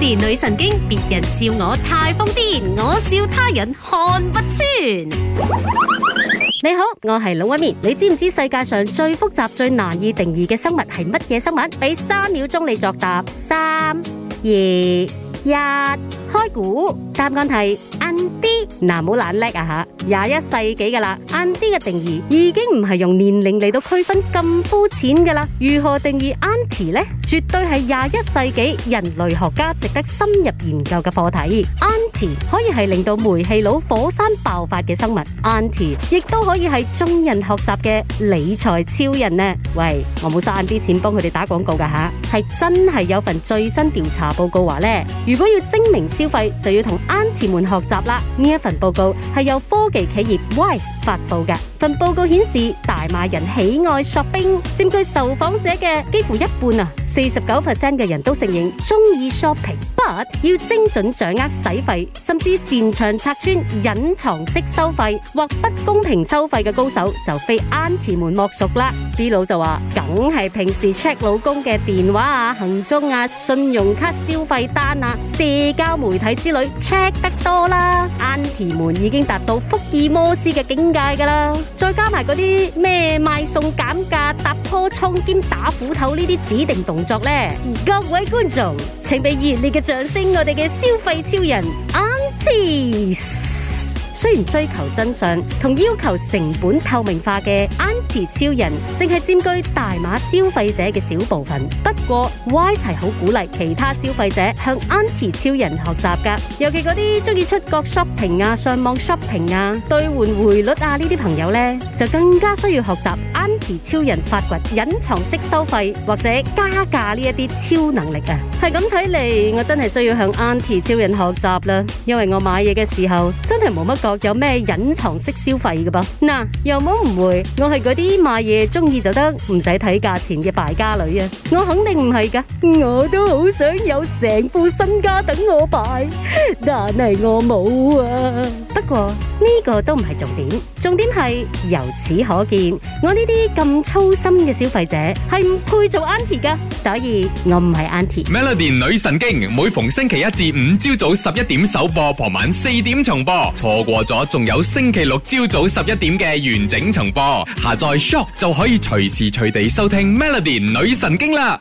我係女神經，別人笑我太瘋癲，我笑他人看不穿。你好，我係龍紋敏。你知唔知世界上最複雜、最難以定義嘅生物係乜嘢生物？俾三秒鐘你作答，三二，日開估答案係安娣嗱，唔好懶叻啊吓！廿一世紀噶啦，安娣嘅定義已經唔係用年齡嚟到區分咁膚淺噶啦。如何定義安娣咧？絕對係廿一世紀人類學家值得深入研究嘅課題。安娣可以係令到煤氣爐火山爆發嘅生物 Ant，亦都可以係眾人學習嘅理財超人呢？喂，我冇嘥啲錢幫佢哋打廣告噶吓，係真係有份最新調查報告話、啊、咧，如果要精明消費，就要同 Ant 們學習啦。呢份報告係由科技企業 Wise 發佈嘅，份報告顯示大馬人喜愛 s h o p 佔據受訪者嘅幾乎一半啊。四十九 percent 嘅人都承認中意 shopping，but 要精準掌握使費，甚至擅長拆穿隱藏式收費或不公平收費嘅高手，就非安娣們莫屬啦。B 佬就話，梗係平時 check 老公嘅電話啊、行蹤啊、信用卡消費單啊、社交媒體之類 check 得多啦。安娣們已經達到福爾摩斯嘅境界噶啦，再加埋嗰啲咩賣送減價、踏破窗兼打斧頭呢啲指定動作咧，各位觀眾，請俾熱烈嘅掌聲，我哋嘅消費超人安娣。雖然追求真相同要求成本透明化嘅安娣超人，淨係佔據大馬消費者嘅小部分。不過，Y 齊好鼓勵其他消費者向安娣超人學習噶。尤其嗰啲中意出國 shopping 啊、上網 shopping 啊、兌換匯率啊呢啲朋友咧，就更加需要學習安娣超人發掘隱藏式收費或者加價呢一啲超能力啊。係咁睇嚟，我真係需要向安娣超人學習啦，因為我買嘢嘅時候真係冇乜講有咩隱藏式消費嘅噃？嗱，又冇誤會，我係嗰啲買嘢中意就得，唔使睇價錢嘅敗家女啊！我肯定唔係噶，我都好想有成副身家等我敗，但係我冇啊。不過呢個都唔係重點，重點係由此可見，我呢啲咁粗心嘅消費者係唔配做安娣噶，所以我唔係安娣。Melody 女神經每逢星期一至五朝早十一點首播，傍晚四點重播，錯過咗，仲有星期六朝早十一點嘅完整重播。下載 Syok 就可以隨時隨地收聽 Melody 女神經啦。